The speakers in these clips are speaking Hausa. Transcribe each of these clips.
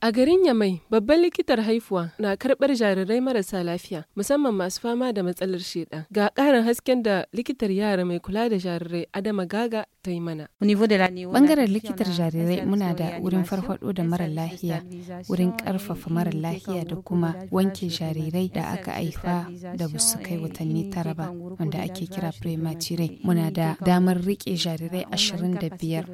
A garin Yamai, babban likitar haifuwa na karɓar jarirai marasa lafiya, musamman masu fama da matsalar sheɗa. Ga ƙarin hasken da likitar yara mai kula da jarirai Adama Gaga ta yi mana. Bangaren likitar jarirai muna da wurin farfado da mara lahiya, wurin karfafa mara lahiya da kuma wanke jarirai da aka haifa da ba su kai watanni tara ba wanda ake kira premature. Muna da damar rike jarirai ashirin da biyar.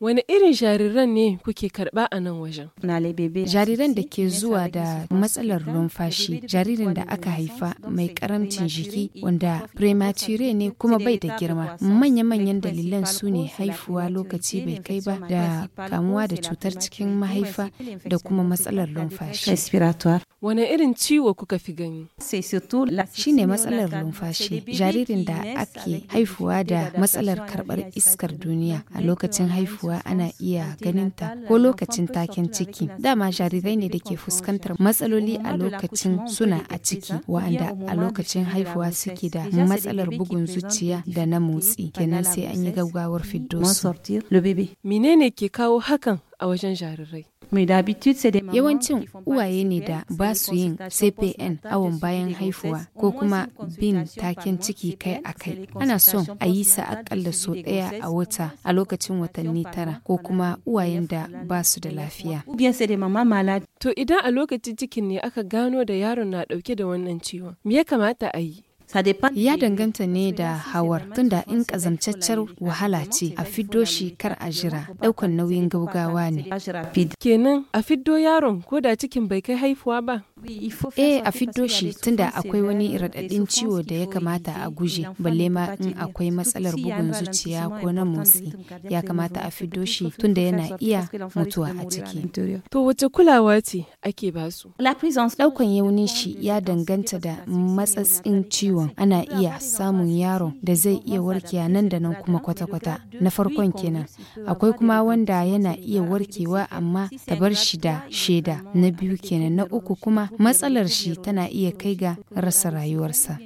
Wani irin jariran ne kuke karba a nan wajen? Jariran da ke zuwa da matsalar numfashi, jaririn da aka haifa mai karamcin jiki wanda premature ne kuma bai da girma. Manya-manyan dalilin dalilan su ne haifuwa lokaci bai kai ba da kamuwa da cutar cikin mahaifa da kuma matsalar numfashi. Wane irin ciwo kuka fi gani? Shi ne matsalar numfashi, jaririn da ake haifuwa da matsalar karɓar iskar duniya a lokacin haifuwa ana iya ganinta ko lokacin taken ciki. Dama jarirai ne da ke fuskantar matsaloli a lokacin suna a ciki, wa'anda a lokacin haifuwa suke da matsalar bugun zuciya da na motsi, kenan sai an yi gaggawar fiddo su. Menene ke kawo hakan a wajen jarirai. Yawancin uwaye ne da ba su yin CPN awon bayan haifuwa ko kuma bin taken ciki kai a kai. Ana son a yi sa akalla so ɗaya a wata a lokacin watanni tara ko kuma uwayen da ba su da lafiya. To idan a lokacin cikin ne aka gano da yaron na ɗauke da wannan ciwon, me ya kamata a yi? Ya danganta ne da hawar tunda in kazamcaccar wahala ce a fiddo shi kar a jira daukan nauyin gaugawa ne. Kenan a fiddo yaron ko da cikin bai kai haifuwa ba? Eh a fiddo shi tunda akwai wani raɗaɗin ciwo da ya kamata a guje balle ma in akwai matsalar bugun zuciya ko na motsi ya kamata a fiddo shi tunda yana iya mutuwa a ciki. To wace kulawa ce ake basu? Daukan yaunin shi ya danganta da matsatsin ciwo ciwon ana iya samun yaron da zai iya warkewa nan da nan kuma kwata-kwata na farkon kenan akwai kuma wanda yana iya warkewa amma ta bar shi da shaida na biyu kenan na uku kuma matsalar shi tana iya kai ga rasa rayuwarsa